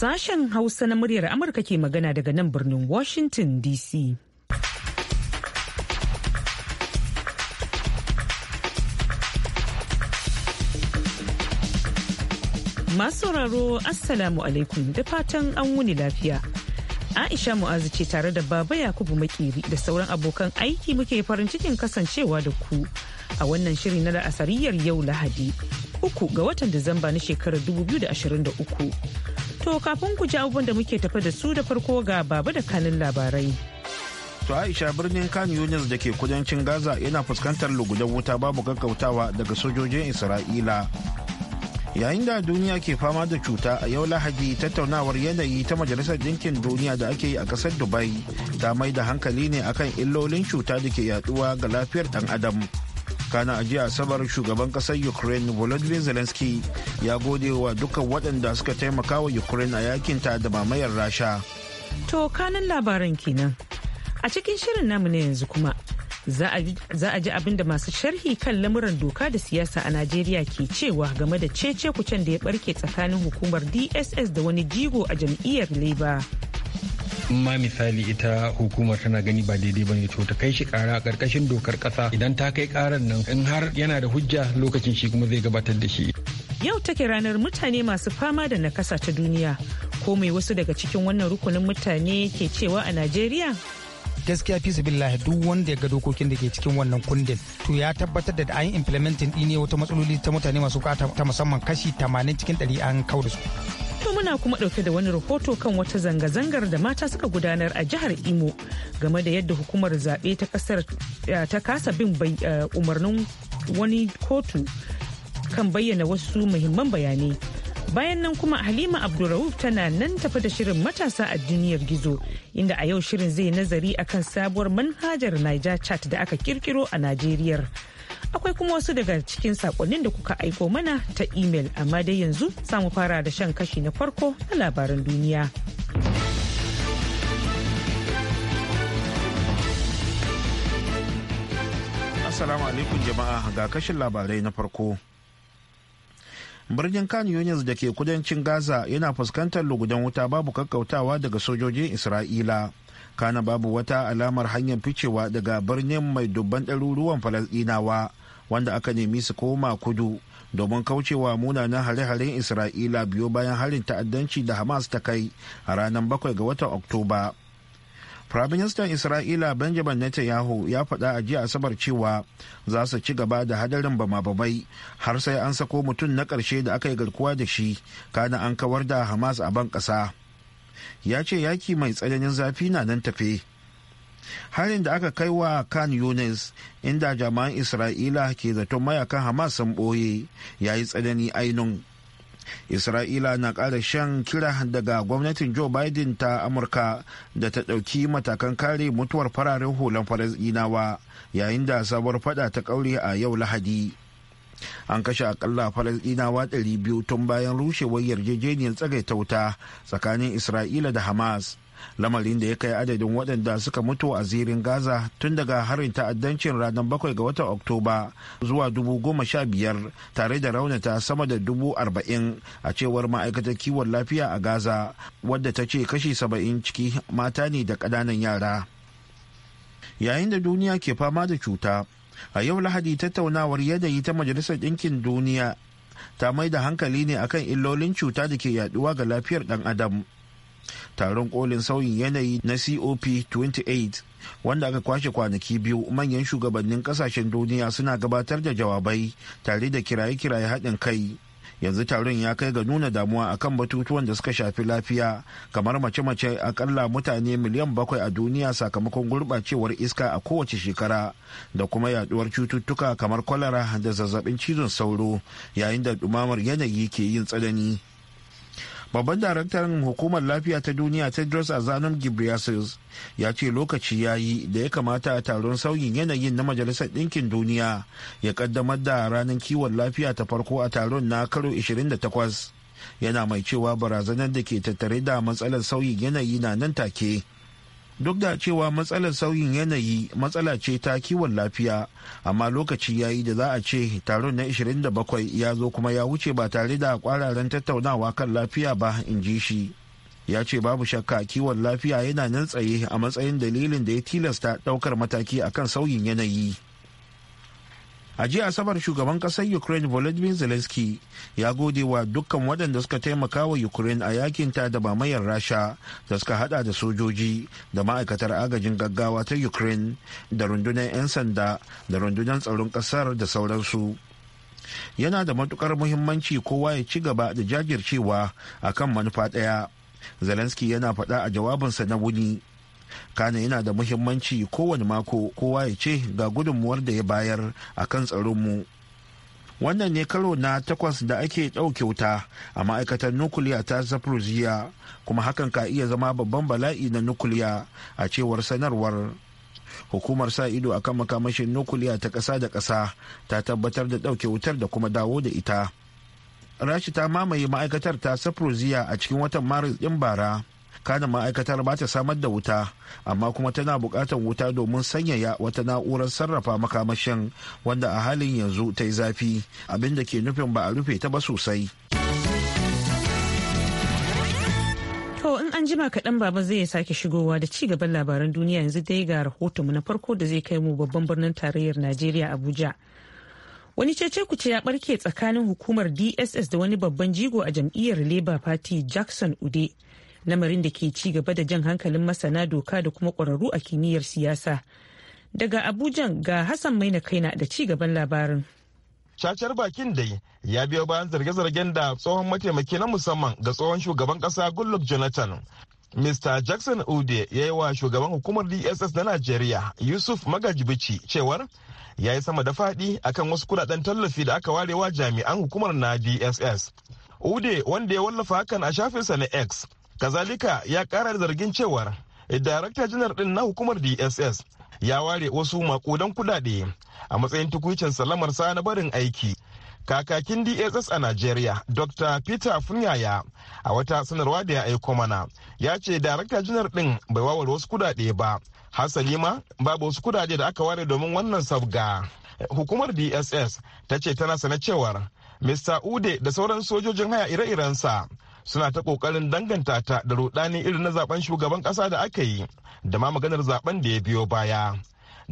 Sashen Hausa na muryar Amurka ke magana daga nan birnin Washington DC. Masu sauraro Assalamu alaikum da fatan an wuni lafiya. Aisha Mu'azu ce tare da Baba Yakubu Makeri da sauran abokan aiki muke farin cikin kasancewa da ku a wannan shiri na la'asariyar yau Lahadi. Uku ga watan Disamba na shekarar 2023. To kafin ku ji abubuwan da muke tafa da su da farko ga baba da kanin labarai. To Aisha birnin Khan Yunis da ke kudancin Gaza yana fuskantar lugudan wuta babu gaggautawa daga sojojin Isra'ila. Yayin da duniya ke fama da cuta a yau Lahadi tattaunawar yanayi ta Majalisar Dinkin Duniya da ake yi a ƙasar Dubai ta mai da hankali ne akan illolin cuta da ke yaduwa ga lafiyar ɗan Adam. kana a jiya asabar shugaban kasar ukraine volodymyr zelensky ya gode wa dukkan waɗanda suka taimaka wa ukraine a yakinta da mamayar rasha to kanan labaran kenan a cikin shirin namu na yanzu kuma za a ji abin da masu sharhi kan lamuran doka da siyasa a najeriya ke cewa game da cece kucen da ya barke tsakanin hukumar dss da wani jigo a jam'iyyar labour ma misali ita hukumar tana gani ba daidai bane to ta kai shi kara a karkashin dokar kasa idan ta kai karan nan in har yana da hujja lokacin shi kuma zai gabatar da shi yau take ranar mutane masu fama da nakasa ta duniya ko mai wasu daga cikin wannan rukunin mutane ke cewa a najeriya gaskiya fi billahi duk wanda ya ga dokokin da ke cikin wannan kundin to ya tabbatar da an implementing ne wata matsaloli ta mutane masu bukata ta musamman kashi 80 cikin 100 an kawo da su To muna kuma ɗauke da wani rahoto kan wata zanga-zangar da mata suka gudanar a jihar Imo game da yadda hukumar zaɓe ta kasar eh, ta kasa bin eh, umarnin wani kotu kan bayyana wasu muhimman bayanai. Bayan nan kuma Halima Abdulrauf tana nan tafi da shirin matasa a duniyar gizo inda a yau shirin zai nazari akan sabuwar manhajar Niger Chat da aka kirkiro a Najeriyar. akwai kuma wasu daga cikin sakonnin da kuka aiko mana ta imel amma dai yanzu samu fara da shan kashi na farko na labaran duniya. Assalamu alaikum jama'a ga kashin labarai na farko. birnin kan yunis da ke kudancin gaza yana fuskantar lugudan wuta babu kakkautawa daga sojojin isra'ila kana babu wata alamar hanyar ficewa daga birnin mai dubban ɗaruruwan falasɗinawa wanda aka nemi su koma kudu domin kaucewa munanan hare-haren isra'ila biyo bayan harin ta'addanci da hamas ta kai a ranar bakwai ga watan oktoba firaministan isra'ila benjamin netanyahu ya faɗa a jiya asabar cewa za su ci gaba da hadarin bama-bamai har sai an sako mutum na ƙarshe da aka yi garkuwa da shi kana an kawar da hamas a ban ƙasa ya ce yaki mai tsananin zafi na nan tafe harin da aka kai wa kan yunis inda jama'an isra'ila ke zaton mayakan hamas sun ɓoye ya yi tsanani ainun isra'ila na ƙara shan kira daga gwamnatin joe biden ta amurka da ta ɗauki matakan kare mutuwar fararen hulan falasɗinawa yayin da sabuwar fada ta ƙaure a yau lahadi an kashe akalla falasdinawa 200 tun bayan rushewar yarjejeniyar tsagaita wuta tsakanin isra'ila da hamas lamarin da ya kai adadin waɗanda suka mutu a zirin gaza tun daga harin ta'addancin ranar bakwai ga watan oktoba zuwa dubu goma sha biyar tare da raunata sama da dubu arba'in a cewar ma'aikatar kiwon lafiya a gaza wadda ta ce kashi saba'in ciki mata ne da ƙananan yara yayin da duniya ke fama da cuta a yau lahadi tattaunawar yanayi ta majalisar ɗinkin duniya ta mai da hankali ne akan illolin cuta da ke yaduwa ga lafiyar ɗan adam taron kolin sauyin yanayi na cop 28 wanda aka kwashe kwanaki biyu manyan shugabannin kasashen duniya suna gabatar da jawabai tare da kiraye-kiraye haɗin kai yanzu taron ya kai ga nuna damuwa akan batutuwan da suka shafi lafiya kamar mace-mace akalla mutane miliyan bakwai a duniya sakamakon gurbacewar iska a kowace shekara da kuma yaduwar cututtuka kamar kwalara da zazzabin cizon sauro yayin da dumamar yanayi ke yin tsanani babban daraktan hukumar lafiya ta duniya tedros adhanom ghebreyesus ya ce lokaci ya yi da ya kamata a taron sauyin yanayin na majalisar ɗinkin duniya ya kaddamar da ranar kiwon lafiya ta farko a taron na karo 28 yana mai cewa barazanar da ke tattare da matsalar sauyin yanayi na nan take duk da cewa matsalar sauyin yanayi matsala ce ta kiwon lafiya amma lokaci ya yi da za a ce taron na 27 ya zo kuma ya wuce ba tare da kwararen tattaunawa kan lafiya ba in ji shi ya ce babu shakka kiwon lafiya yana nan tsaye a matsayin dalilin da ya tilasta daukar mataki akan sauyin yanayi a jiya asabar shugaban kasar ukraine volodymyr zelensky ya gode wa dukkan waɗanda suka taimaka wa ukraine a yakinta da mamayar rasha da suka hada da sojoji da ma'aikatar agajin gaggawa ta ukraine da rundunar 'yan sanda da rundunar tsaron kasar da sauransu yana da matukar muhimmanci kowa ya ci gaba da jajircewa akan manufa ɗaya zelensky yana faɗa a jawabinsa na wuni kana yana da muhimmanci kowane mako kowa ya ce ga gudunmuwar da ya bayar a kan tsaronmu wannan ne karo na takwas da ake ɗauke wuta a ma'aikatar nukuliya ta zafirziya kuma hakan ka iya zama babban bala'i na nukuliya a cewar sanarwar hukumar sa ido akan makamashin nukuliya ta ƙasa da ƙasa ta tabbatar da ɗauke wutar da kuma dawo da ita rashi ta mamaye ma'aikatar ta saproziya a cikin watan maris ɗin bara kana ma'aikatar ba ta samar da wuta amma kuma tana buƙatar wuta domin sanyaya wata na'urar sarrafa makamashin wanda a halin yanzu ta yi zafi abinda ke nufin ba a rufe ta ba sosai To in an jima kaɗan baba zai sake shigowa da ci gaban labaran duniya yanzu dai ga rahotonmu na farko da zai kai mu babban birnin tarayyar Najeriya Abuja. Wani cece kuce ya barke tsakanin hukumar DSS da wani babban jigo a jam'iyyar Labour Party Jackson Ude lamarin da ke ci gaba da jan hankalin masana doka da kuma kwararru a kimiyyar siyasa. Daga Abuja ga Hassan Maina Kaina da ci gaban labarin. Cacar bakin dai ya biyo bayan zarge-zargen da tsohon mataimaki na musamman ga tsohon shugaban kasa Goodluck Jonathan. Mr. Jackson Ude ya yi wa shugaban hukumar DSS na Najeriya Yusuf Magajibici cewar ya yi sama da faɗi akan wasu kudaden tallafi da aka warewa jami'an hukumar na DSS. Ude wanda ya wallafa hakan a shafinsa na X kazalika ya kara zargin cewar darakta janar din na hukumar dss ya ware wasu makudan kudade a matsayin tukucin salamarsa na barin aiki kakakin dss a nigeria dr peter funyaya a wata sanarwa da ya aiko mana ya ce darakta janar din bai wawar wasu kudade ba hasali ma babu wasu kudade da aka ware domin wannan sabga hukumar dss ta ce tana sana cewar mr ude da sauran sojojin haya ire-irensa suna ta kokarin danganta ta da rudani irin na zaben shugaban kasa da aka yi da ma maganar zaben da ya biyo baya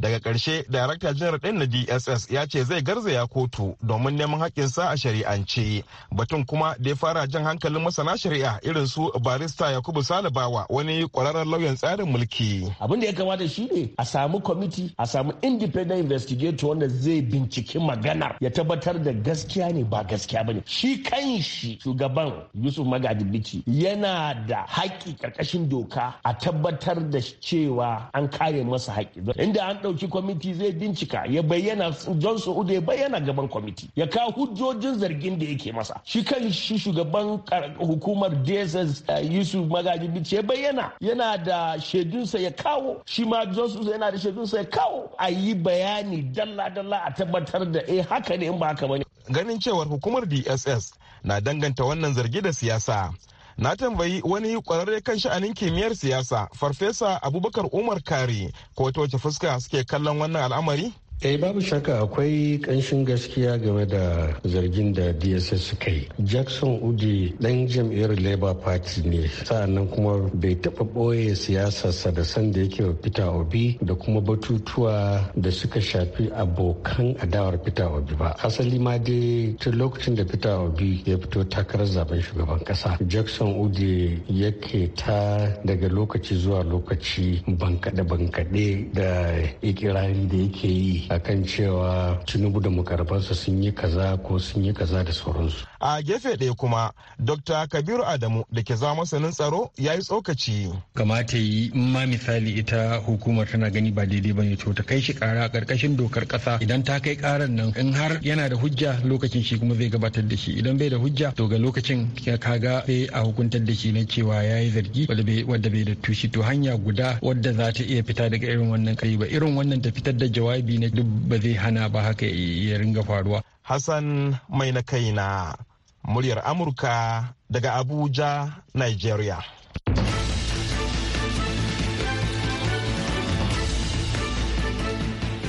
daga ƙarshe darakta janar ɗin na dss ya ce zai garzaya kotu domin neman haƙƙinsa a shari'ance batun kuma da ya fara jan hankalin masana shari'a irin su barista yakubu salibawa wani ƙwararren lauyan tsarin mulki abin da ya kamata shi ne a samu kwamiti a samu independent investigator wanda zai binciki maganar ya tabbatar da gaskiya ne ba gaskiya bane shi kan shi shugaban yusuf magadibici yana da haƙƙi ƙarƙashin doka a tabbatar da cewa an kare masa haƙƙi inda an ɗauki kwamiti zai bincika ya bayyana johnson uda ya bayyana gaban kwamiti ya kawo hujjojin zargin da yake masa shi kan shi shugaban hukumar dss eh, yusuf magaji bici ya bayyana yana da shaidunsa ya kawo shi ma johnson yana da shaidunsa ya kawo a yi bayani dalla-dalla a tabbatar da eh haka ne in ba haka ne ganin cewar hukumar dss na danganta wannan zargi da siyasa na tambayi wani kwararre kan sha'anin kimiyyar siyasa farfesa abubakar umar kari ko ta wace fuska suke kallon wannan al'amari eh babu shaka akwai kanshin gaskiya game da zargin da dss suka yi jackson udi dan jam'iyyar labour party ne sa'annan kuma bai taɓa ɓoye siyasarsa da sanda yake wa peter obi da kuma batutuwa da suka shafi abokan adawar peter obi ba asali ma dai tun lokacin da peter obi ya fito takarar zaben shugaban kasa jackson udi yake ta daga lokaci zuwa lokaci bankaɗe-bankaɗe da ikirarin da yake yi akan cewa tinubu da mukarbansa sun yi kaza ko sun yi kaza da sauransu a gefe ɗaya kuma dr kabiru adamu da ke za masanin tsaro ya yi tsokaci kamata yi in ma misali ita hukumar tana gani ba daidai bane to ta kai shi kara ƙarƙashin dokar ƙasa idan ta kai ƙarar nan in har yana da hujja lokacin shi kuma zai gabatar da shi idan bai da hujja to ga lokacin kaga sai a hukuntar da shi na cewa ya yi zargi wadda bai da tushi to hanya guda wadda za ta iya fita daga irin wannan kai ba irin wannan ta fitar da jawabi na duk ba zai hana ba haka ya ringa faruwa. Hassan mai na kaina muryar Amurka daga Abuja, Nigeria.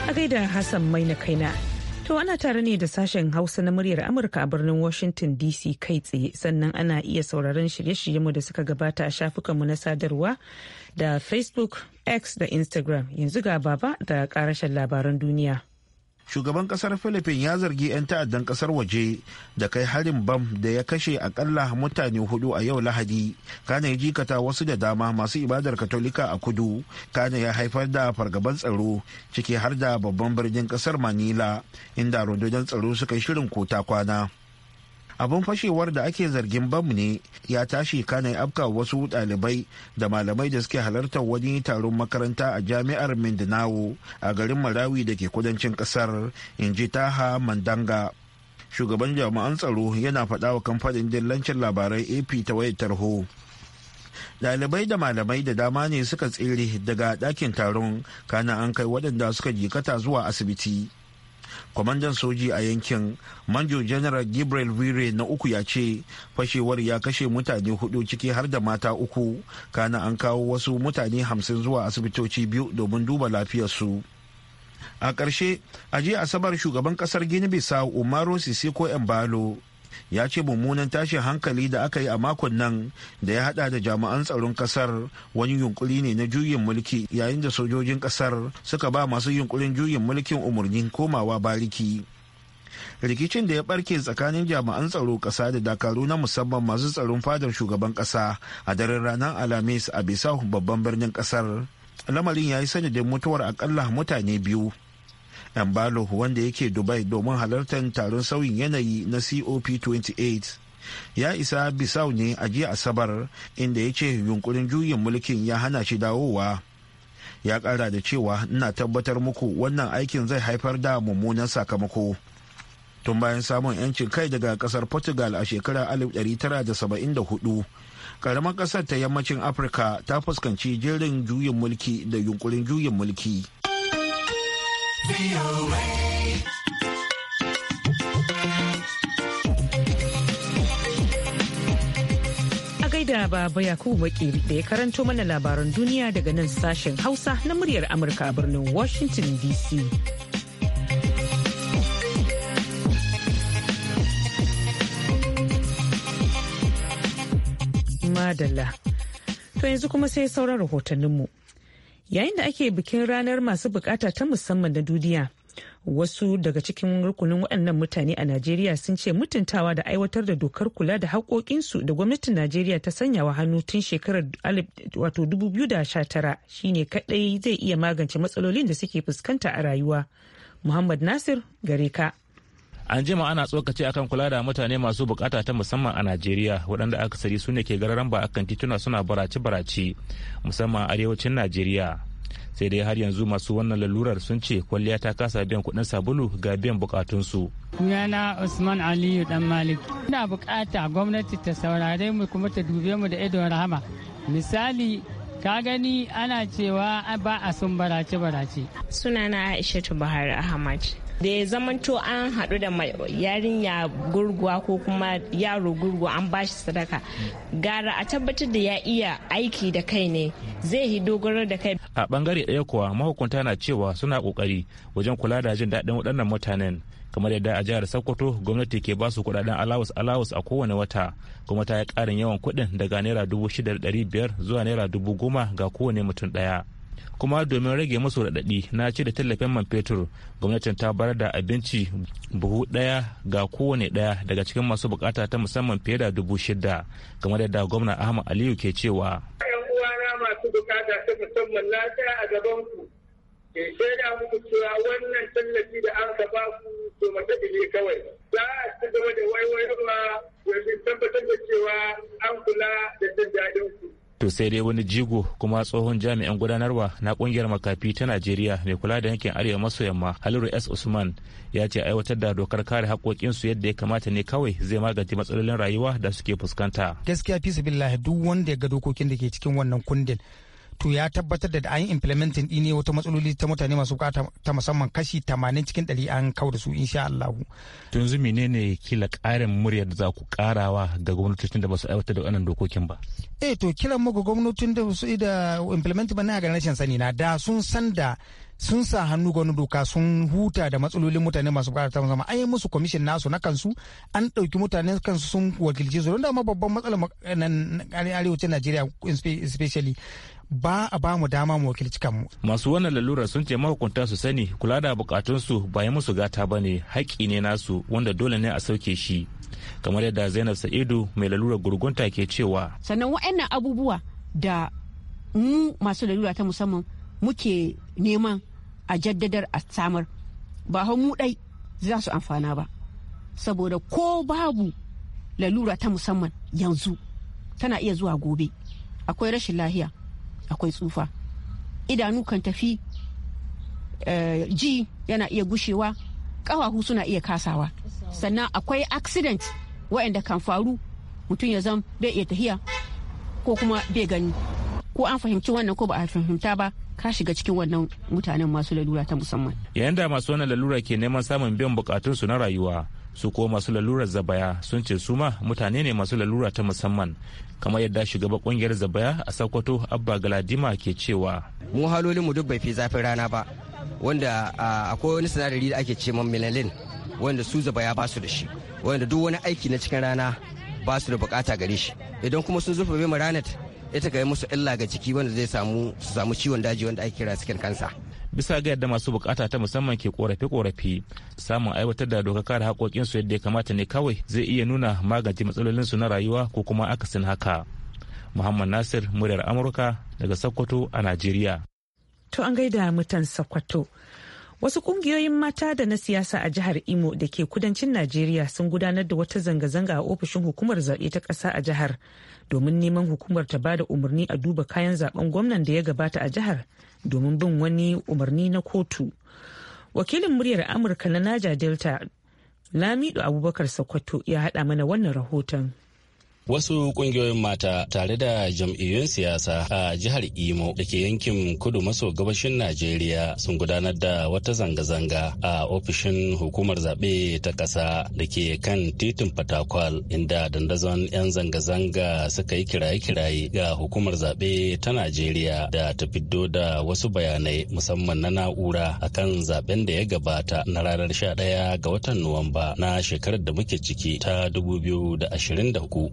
A gaida Hassan mai na kaina. To ana tare ne da sashen Hausa na muryar Amurka a birnin Washington DC kai tsaye sannan ana iya sauraron shirye-shiryenmu da suka gabata a shafukanmu na sadarwa da facebook x da instagram yanzu ga baba da karashen labaran duniya shugaban kasar philippines ya zargi 'yan ta'addan kasar waje da kai harin bam da ya kashe akalla mutane hudu a yau lahadi kana ya jikata wasu da dama masu ibadar katolika a kudu kana ya haifar da fargaban tsaro ciki har da babban birnin kasar manila inda rundunar tsaro suka yi shirin kota kwana abin fashewar da ake zargin bam ne ya tashi kanai afka wasu ɗalibai da malamai da suke halartar wani taron makaranta a jami'ar mindanao a garin marawi da ke kudancin ƙasar inji taha mandanga shugaban jami'an tsaro yana faɗa wa kamfanin dillancin labarai ap ta wayar tarho dalibai da malamai da dama ne suka tsere daga ɗakin taron kana an kai waɗanda suka jikata zuwa asibiti kwamandan soji a yankin manjo general gabriel wire na uku ya ce fashewar ya kashe mutane hudu ciki har da mata uku kana an kawo wasu mutane hamsin zuwa asibitoci biyu domin duba lafiyarsu a ƙarshe a jiya asabar shugaban ƙasar gini bisa umaru sisiko embalo ya ce mummunan tashin hankali da aka yi a makon nan da ya hada da jami'an tsaron kasar wani yunkuri ne na juyin mulki yayin da sojojin kasar suka ba masu yunkurin juyin mulkin umarnin komawa bariki rikicin da ya barke tsakanin jami'an tsaro kasa da dakaru na musamman masu tsaron fadar shugaban kasa a daren ranar alhamis a bisa babban birnin kasar lamarin ya yi sanadin mutuwar akalla mutane biyu embalo wanda yake dubai domin halartar taron sauyin yanayi na cop 28 ya isa bisau ne a jiya asabar inda ya ce yunkurin juyin mulkin ya hana shi dawowa ya kara da cewa ina tabbatar muku wannan aikin zai haifar da mummunan sakamako tun bayan samun 'yancin kai daga kasar portugal a shekarar 1974 karamar kasar ta yammacin afirka ta fuskanci jerin juyin mulki da yunkurin juyin mulki da Baba Yakubu Bakiri da ya karanto mana labaran duniya daga nan sashen Hausa na muryar Amurka a birnin Washington DC. Madalla. To yanzu kuma sai sauran rahotanninmu. yayin da ake bikin ranar masu bukata ta musamman na duniya wasu daga cikin rukunin waɗannan mutane a najeriya sun ce mutuntawa da aiwatar da dokar kula da haƙoƙinsu da gwamnatin najeriya ta sanyawa hannu tun shekarar 2019 shine kaɗai zai iya magance matsalolin da suke fuskanta a rayuwa muhammad nasir gare ka an jima ana tsokaci akan kula da mutane masu bukata ta musamman a najeriya waɗanda akasari su ne ke gararan ba akan tituna suna barace-barace musamman arewacin najeriya sai dai har yanzu masu wannan lalurar sun ce kwalliya ta kasa biyan kuɗin sabulu ga biyan bukatunsu sunana usman aliyu dan malik ina bukata gwamnati ta saurare mu kuma ta dube mu da ido rahama misali ka gani ana cewa ba a sun barace-barace sunana aishatu bahar ahmad da ya zamanto an haɗu da yarinya gurguwa ko kuma yaro gurguwa an ba shi sadaka gara a tabbatar da ya iya aiki da kai ne zai yi dogaro da kai a bangare ɗaya kuwa mahukunta na cewa suna kokari wajen kula da jin daɗin waɗannan mutanen kamar yadda a jihar sokoto gwamnati ke ba su kudaden alawus alawus a kowane wata kuma ta yi ƙarin yawan kuɗin daga naira dubu shida da ɗari biyar zuwa naira dubu goma ga kowane mutum ɗaya kuma domin rage masu raɗaɗi na ce da tallafin man fetur gwamnatin ta bayar da abinci buhu ɗaya ga kowane ɗaya daga cikin masu bukata ta musamman fiye da dubu shida da yadda gwamna ahmad aliyu ke cewa yan uwana masu bukata ta musamman na tsaya a gaban ku ke shaida muku cewa wannan tallafi da an ka ba ku to mataɗi ne kawai za a ci gaba da waiwaiwa domin tabbatar da cewa an kula da jin daɗin ku to sai dai wani jigo kuma tsohon jami'an gudanarwa na kungiyar makafi ta najeriya mai kula da yankin arewa maso yamma haliru s usman ya ce aiwatar da dokar kare su yadda ya kamata ne kawai zai magance matsalolin rayuwa da suke fuskanta gaskiya fi duk wanda ya ga dokokin da ke cikin wannan kundin to ya tabbatar da an implementing din ne wata matsaloli ta mutane masu bukata ta musamman kashi 80 cikin 100 an kawo da su insha Allah. To yanzu menene kila karin murya da za ku karawa ga gwamnatocin da ba su aiwatar da wannan dokokin ba? Eh to kiran mu ga gwamnatin da su da implementing ba na ga rashin sani na da sun san da sun sa hannu ga wani doka sun huta da matsalolin mutane masu bukatar zama an yi musu commission nasu na kansu an dauki mutane kansu sun wakilce su don dama babban matsalar arewacin najeriya especially ba a ba mu dama mu wakilci kanmu. Masu wannan lalura sun ce mahukunta su sani kula da bukatunsu ba yi musu gata ba ne haƙƙi ne nasu wanda dole ne a sauke shi. Kamar yadda Zainab Sa'idu mai lalurar gurgunta ke cewa. Sannan wa'annan abubuwa da mu masu lalura ta musamman muke neman a jaddadar a samar ba mu dai za su amfana ba saboda ko babu lalura ta musamman yanzu tana iya zuwa gobe akwai rashin lahiya akwai tsufa idanu kan tafi eh, ji yana iya gushewa ƙafafu suna iya kasawa sannan akwai accident waɗanda kan faru mutum ya zama bai iya tahiya ko kuma bai gani ko an fahimci wannan ko ba a fahimta ba ka shiga cikin wannan mutanen masu lalura ta musamman yayin da masu wannan lalura ke neman samun biyan bukatunsu na rayuwa su ko masu lalura zabaya sun ce su ma mutane ne masu lalura ta musamman kamar yadda shugaba kungiyar zabaya a sokoto abba galadima ke cewa mu halolin mu duk bai fi zafin rana ba wanda akwai wani sinadari da ake ce melanin wanda su zabaya ba su da shi wanda duk wani aiki na cikin rana ba su da bukata gare shi idan kuma sun zurfafe mu ranar ita ga musu illa ga ciki wanda zai samu su samu ciwon daji wanda ake kira skin kansa. bisa ga yadda masu bukata ta musamman ke korafe-korafe samun aiwatar da doka kare su yadda ya kamata ne kawai zai iya nuna magance su na rayuwa ko kuma akasin haka muhammad nasir muryar amurka daga sokoto a najeriya to an gaida mutan sokoto Wasu kungiyoyin mata da na siyasa a jihar Imo da ke kudancin Najeriya sun gudanar da wata zanga-zanga a ofishin hukumar zaɓe ta ƙasa a jihar domin neman hukumar ta ba da umarni a duba kayan zaben gwamnan da ya gabata a jihar domin bin wani umarni na kotu. Wakilin muryar Amurka na Naja Delta Lamido Abubakar Sokoto ya haɗa mana wannan rahoton. wasu kungiyoyin mata tare da jam'iyyun siyasa a jihar imo da ke yankin kudu maso gabashin najeriya sun gudanar da wata zanga-zanga a ofishin hukumar zaɓe ta ƙasa da ke kan titin fatakwal inda dandazon 'yan zanga-zanga suka yi kiraye-kiraye ga hukumar zaɓe ta najeriya da ta fiddo da wasu bayanai musamman na na'ura a kan zaɓen da ya gabata na ranar 11 ga watan nuwamba na shekarar da muke ciki ta da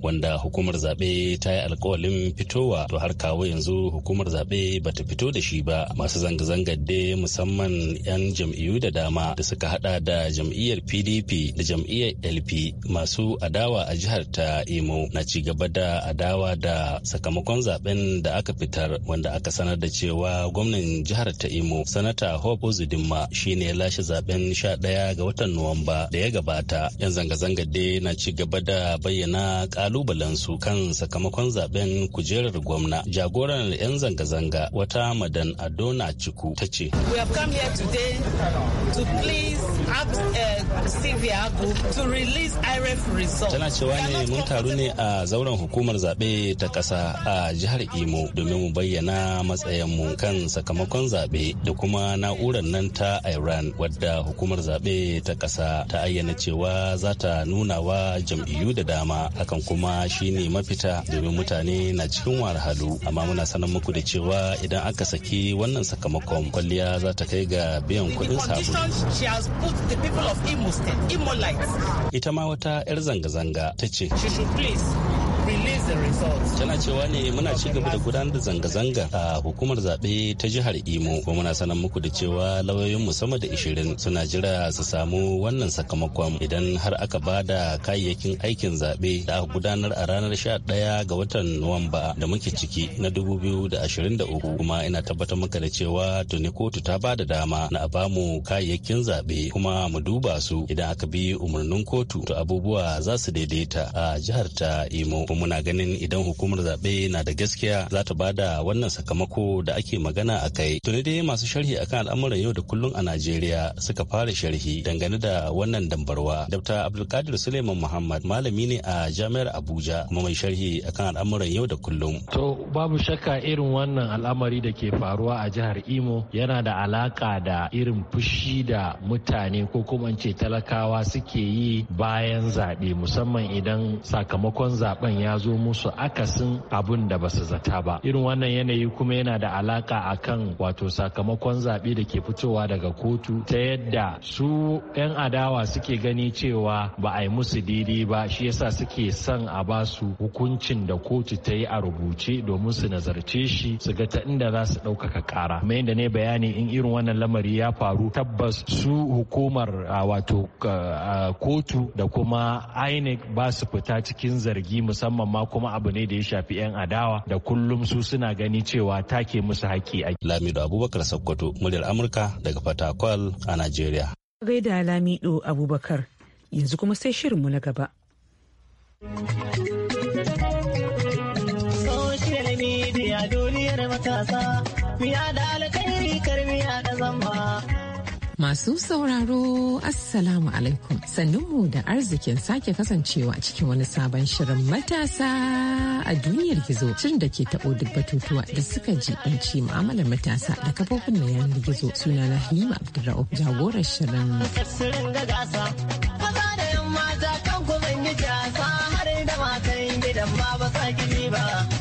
wanda da hukumar zaɓe ta yi alkawalin fitowa to har kawo yanzu hukumar zaɓe ba ta fito da shi ba masu zanga-zangar da musamman 'yan jam'iyyu da dama da suka hada da jam'iyyar pdp da jam'iyyar lp masu adawa a jihar ta imo na ci gaba da adawa da sakamakon zaben da aka fitar wanda aka sanar da cewa gwamnan jihar ta imo sanata hope zudimma shine ya lashe zaben 11 ga watan nuwamba da ya gabata 'yan zanga-zangar da na ci gaba da bayyana kalubale kalubalensu kan sakamakon zaben kujerar gwamna jagoran 'yan zanga-zanga wata madan adona ciku ta ce. We have asked uh, Sylvia Agu to release IRF Tana cewa ne mun taru ne a zauren hukumar zaɓe ta ƙasa a jihar Imo domin mu bayyana matsayinmu kan sakamakon zaɓe da kuma na'urar nan ta Iran wadda hukumar zaɓe ta ƙasa ta ayyana cewa za ta nuna wa jam'iyyu da dama hakan kuma shine mafita domin mutane na cikin wahalhalu amma muna sanar muku da cewa idan aka saki wannan sakamakon kwalliya za ta kai ga biyan kuɗin sabulu. the people of Imo State, Imo Lights. Ita ma wata 'yar zanga-zanga ta ce. She should please Tana cewa ne muna ci gaba da gudanar da zanga-zanga a hukumar zaɓe ta jihar Imo kuma muna sanar muku da cewa lauyoyinmu sama da 20 suna jira su samu wannan sakamakon idan har aka ba da kayayyakin aikin zaɓe da aka gudanar a ranar 11 ga watan Nuwamba da muke ciki na 2023 kuma ina tabbatar maka da cewa tuni kotu ta ba da dama na a bamu kayayyakin zaɓe kuma mu duba su idan aka bi umarnin kotu to abubuwa za su daidaita a jihar ta Imo kuma muna gani. ganin idan hukumar zaɓe na da gaskiya za ta ba da wannan sakamako da ake magana a kai tuni dai masu sharhi akan al'amuran yau da kullum a najeriya suka fara sharhi dangane da wannan dambarwa dr abdulkadir suleiman muhammad malami ne a jami'ar abuja kuma mai sharhi akan al'amuran yau da kullum to babu shakka irin wannan al'amari da ke faruwa a jihar imo yana da alaka da irin fushi da mutane ko kuma ce talakawa suke yi bayan zaɓe musamman idan sakamakon zaɓen ya zo musu akasin abun da basu zata ba irin wannan yanayi kuma yana da alaka akan wato sakamakon zaɓe da ke fitowa daga kotu ta yadda su 'yan adawa suke gani cewa ba a yi musu daidai ba shi yasa suke son a ba su hukuncin da kotu ta yi a rubuce domin su nazarce shi su ga ta inda za su ɗaukaka ƙara mai da ne bayani in irin wannan lamari ya faru tabbas su hukumar wato kotu da kuma inec ba su fita cikin zargi musamman ma kuma abu ne da ya shafi 'yan adawa da kullum su suna gani cewa take musu haƙƙi a lamido abubakar sakkwato muryar amurka daga fatakwal a najeriya gaida lamido abubakar yanzu kuma sai shirin mu na gaba social media duniyar matasa miya da kar karmiya da zamba Masu sauraro Assalamu alaikum sannunmu da arzikin sake kasancewa a cikin wani sabon shirin matasa a duniyar gizo shirin da ke taɓo duk batutuwa da suka ji inci ma'amalar matasa da kafofin na yanar gizo suna na Halima Abdulra'uf jagorar shirin. Maza da kan ba ba.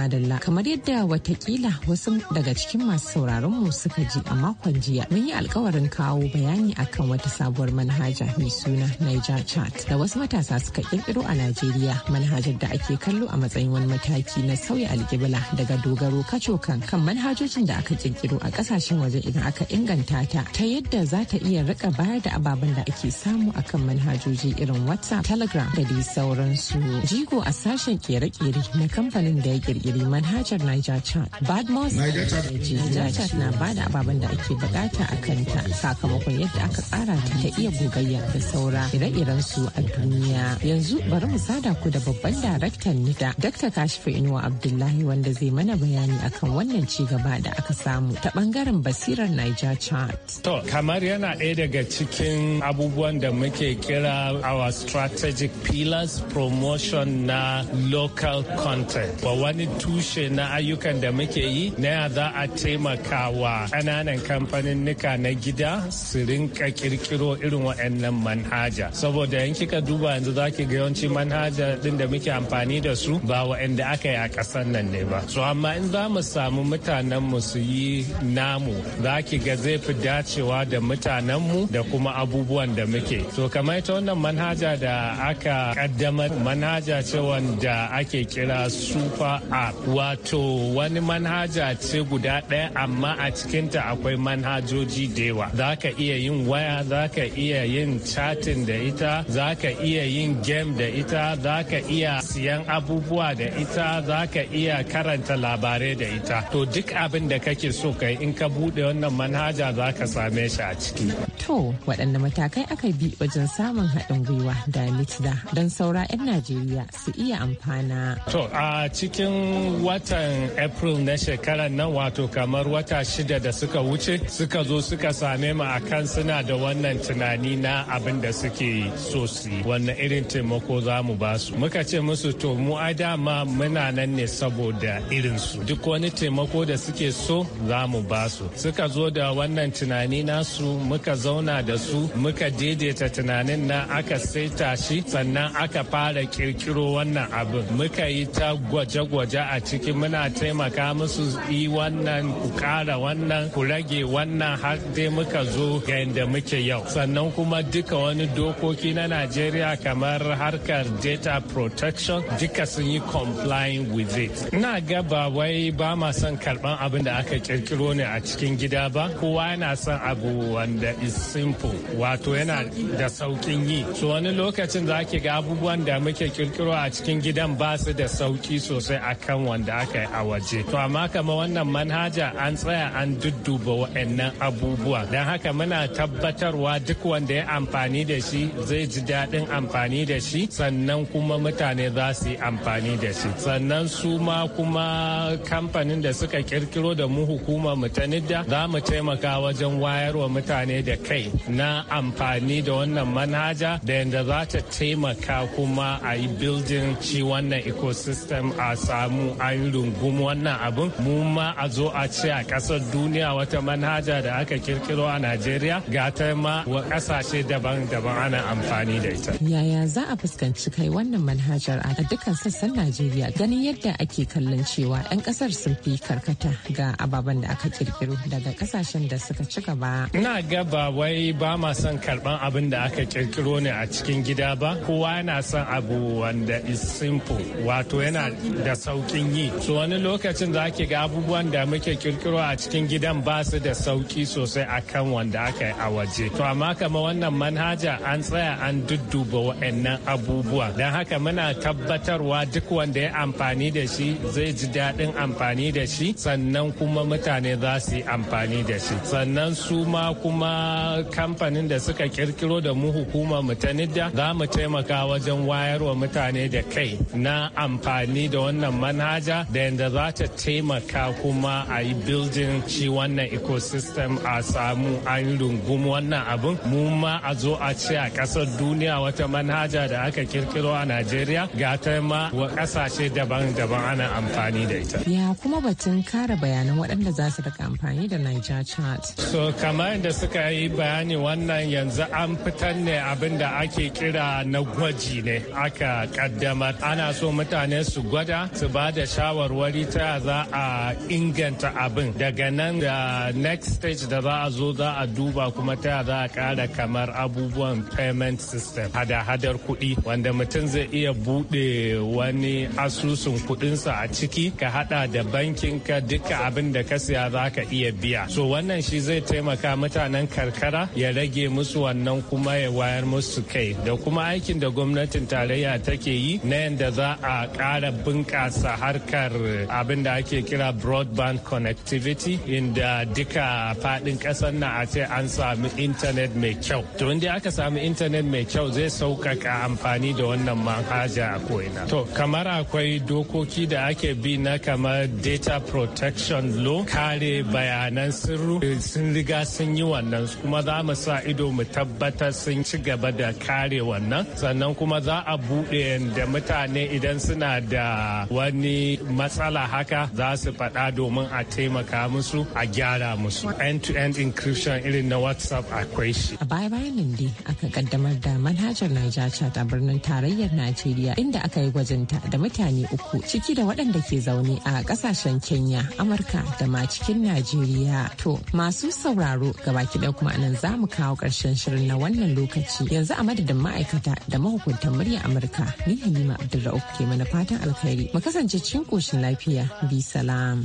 madalla kamar yadda watakila wasu daga cikin masu sauraron mu suka ji a makon jiya mun yi alkawarin kawo bayani akan wata sabuwar manhaja mai suna Niger Chat da wasu matasa suka kirkiro a Najeriya manhajar da ake kallo a matsayin wani mataki na sauya alkibla daga dogaro kacokan kan manhajojin da aka kirkiro a kasashen waje idan aka inganta ta ta yadda za ta iya rika bayar da ababen da ake samu akan manhajoji irin WhatsApp, Telegram da dai sauransu. Jigo a sashen kere-kere na kamfanin da ya kirkiro kirkiri manhajar Niger Chat. Badmos ya ce Niger Chat na bada ababen da ake bukata a kanta sakamakon yadda aka tsara ta iya gogayya da saura ire-iren su a duniya. Yanzu bari mu sada ku da babban daraktan NIDA Dr. Kashifa Inuwa Abdullahi wanda zai mana bayani akan wannan ci gaba da aka samu ta bangaren basirar Niger Chat. To, kamar yana ɗaya daga cikin abubuwan da muke kira our strategic pillars promotion na local content. Ba wani tushe na ayyukan da muke yi na za a taimaka wa ƙananan kamfanin nika na gida su rinka kirkiro irin waɗannan manhaja saboda yan kika duba yanzu za ki ga yawanci manhaja din da muke amfani da su ba waɗanda aka yi a ƙasar nan ne ba so amma in za mu samu mutanen mu su yi namu za ki ga zai fi dacewa da mutanen mu da kuma abubuwan da muke to kamar ita wannan manhaja da aka kaddamar manhaja ce wanda ake kira super a wato wani manhaja ce guda ɗaya amma a cikinta akwai manhajoji da yawa za ka iya yin waya za ka iya yin chatting da ita za ka iya yin game da ita za ka iya siyan abubuwa da ita za ka iya karanta labarai da ita to duk abin da kake so kai in ka buɗe wannan manhaja za ka same shi a ciki to waɗanne matakai aka bi wajen samun haɗin gwiwa da mitda don saura 'yan najeriya su iya amfana to a cikin watan april na shekarar nan wato kamar wata shida da suka wuce suka zo suka same mu kan suna da wannan tunani na abin da suke so su wannan irin taimako za mu ba su muka ce musu to mu ai dama muna nan ne saboda irin su duk wani taimako da suke so za mu ba su suka zo da wannan tunani nasu muka zauna da su muka daidaita tunanin na aka saita shi sannan aka fara kirkiro wannan abin muka yi ta gwaje-gwaje a cikin muna taimaka musu yi wannan ku ƙara wannan ku rage wannan har dai muka zo ga yadda muke yau sannan kuma duka wani dokoki na najeriya kamar harkar data protection duka sun yi complying with it na ga ba wai ba ma son karban abin da aka kirkiro ne a cikin gida ba kowa yana son abu wanda is simple wato yana da saukin yi so wani lokacin za ga abubuwan da muke kirkiro a cikin gidan ba su da sauki sosai akan wanda aka yi a waje to amma kama wannan manhaja an tsaya an dudduba wa'annan abubuwa don haka muna tabbatarwa duk wanda ya amfani da shi zai ji daɗin amfani da shi sannan kuma mutane za su yi amfani da shi sannan su ma kuma kamfanin da suka kirkiro da mu hukumar mu ta nidda za mu taimaka wajen wayar wa mutane da kai na amfani da wannan manhaja da yadda za ta taimaka kuma a yi building shi wannan ecosystem a samu Ayi an wannan abin mu ma a zo a ce a ƙasar duniya wata manhaja da aka kirkiro a najeriya ga ta ma wa ƙasashe daban-daban ana amfani da ita yaya za a fuskanci kai wannan manhajar a dukkan sassan najeriya ganin yadda ake kallon cewa 'yan ƙasar sun fi karkata ga ababen da aka kirkiro daga ƙasashen da suka ci gaba ina ga ba wai ba ma son karban abin da aka kirkiro ne a cikin gida ba kowa yana son abu wanda is simple wato yana da sauki sun yi so wani lokacin za ki ga abubuwan da muke kirkiro a cikin gidan ba su da sauki sosai akan wanda aka yi a waje to amma kama wannan manhaja an tsaya an dudduba wa'annan abubuwa don haka muna tabbatarwa duk wanda ya amfani da shi zai ji daɗin amfani da shi sannan kuma mutane za su yi amfani da shi sannan su ma kuma kamfanin da suka kirkiro da mu hukuma mu ta nidda za mu taimaka wajen wayarwa mutane da kai na amfani da wannan manhaja manhaja da yadda za ta taimaka kuma a yi building shi wannan ecosystem a samu an rungum wannan abin mu ma a zo a ce a ƙasar duniya wata manhaja da aka kirkiro a najeriya ga ta ma wa ƙasashe daban-daban ana amfani da ita ya kuma batun kara bayanan waɗanda za su daga amfani da niger chart so kamar yadda suka yi bayani wannan yanzu an fitar ne abin da ake kira na gwaji ne aka kaddamar ana so mutane su gwada su ba da shawarwari ta za a inganta abin daga nan da next stage da za a zo za a duba kuma ta za a kara kamar abubuwan payment system hada-hadar kuɗi wanda mutum zai iya buɗe wani asusun kuɗinsa a ciki ka hada da bankin ka duka abin da ka siya za ka iya biya so wannan shi zai taimaka mutanen karkara ya rage musu wannan kuma ya wayar musu kai da kuma aikin da gwamnatin tarayya take yi na yadda za a ƙara bunƙasa harkar eh, abin da ake kira broadband connectivity inda duka faɗin ƙasar na a ce an sami intanet mai kyau to inda aka sami intanet mai kyau zai sauƙaƙa amfani da wannan manhaja a ko'ina to kamar akwai dokoki da ake bi na kamar data protection law kare bayanan sirru eh, sun riga sun yi wannan kuma za mu sa ido mu tabbatar sun ci gaba da kare wannan sannan kuma za a buɗe da mutane idan suna da wani wani matsala haka za su faɗa domin a taimaka musu a gyara musu end-to-end encryption irin na whatsapp akwai shi a baya-bayan nan dai aka kaddamar da manhajar Niger chat a birnin tarayyar najeriya inda aka yi gwajinta da mutane uku ciki da waɗanda ke zaune a ƙasashen kenya amurka da ma cikin najeriya to masu sauraro gabaki ɗaya kuma anan za mu kawo ƙarshen shirin na wannan lokaci yanzu a madadin ma'aikata da mahukuntan murya amurka ni halima abdulra'uf ke mana fatan alkhairi mu kasance cikin koshin lafiya bi salam.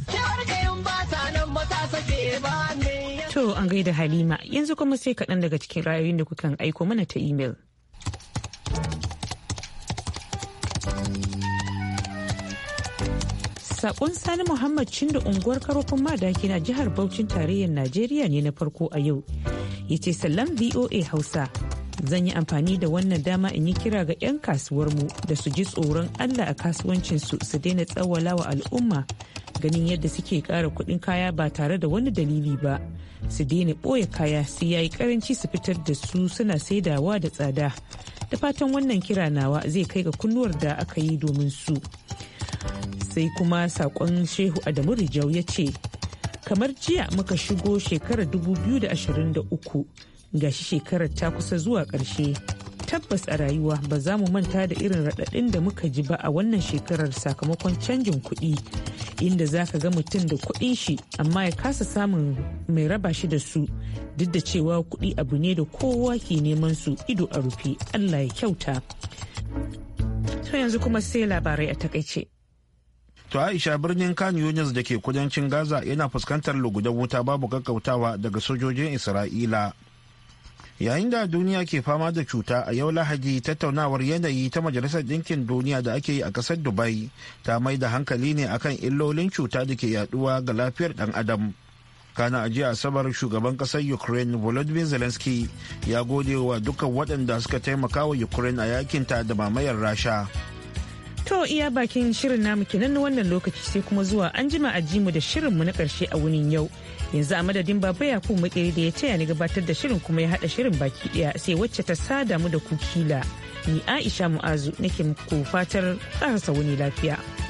To an gaida Halima yanzu kuma sai kaɗan daga cikin ra'ayoyin da kukan aiko mana ta imel. sakon sani muhammad cindo unguwar karofin madaki na jihar Bauchin tarayyar najeriya ne na farko a yau yace sallam voa hausa zan yi amfani da wannan dama in yi kira ga 'yan kasuwarmu da su ji tsoron allah a kasuwancinsu su daina tsawala wa al'umma ganin yadda suke kara kuɗin kaya ba tare da wani dalili ba su daina ɓoye kaya su yayi karanci su fitar da su suna saidawa da tsada da fatan wannan kira nawa zai kai ga kunnuwar da aka yi domin su sai kuma saƙon shehu adamu rijau ya ce kamar jiya muka shigo shekarar 2023 ga shi shekarar ta kusa zuwa ƙarshe tabbas a rayuwa ba za mu manta da irin raɗaɗin da muka ji ba a wannan shekarar sakamakon canjin kuɗi inda za ka ga mutum da kuɗin shi amma ya kasa samun mai raba shi da su duk da cewa kuɗi abu ne da kowa ke neman su ido a rufe allah ya kyauta to yanzu kuma sai labarai a takaice To Aisha birnin Kano Yunus da ke kudancin Gaza yana fuskantar lugudan wuta babu gaggautawa daga sojojin Isra'ila yayin da duniya ke fama da cuta a yau lahadi tattaunawar yanayi ta majalisar ɗinkin duniya da ake yi a ƙasar dubai ta mai da hankali ne akan illolin cuta da ke yaduwa ga lafiyar ɗan adam kana a asabar shugaban ƙasar ukraine volodymyr zelensky ya gode wa dukkan waɗanda suka taimaka wa ukraine a yakinta da mamayar rasha To iya bakin shirin namu kenan na wannan lokaci sai kuma zuwa an jima a jimu da shirinmu na karshe a wunin yau. Yanzu a madadin baba ya kuma makeri da ya taya ni gabatar da shirin kuma ya haɗa shirin baki ɗaya sai wacce ta sada mu da kukila. Ni Aisha Mu'azu nake muku fatar ƙarasa wuni lafiya.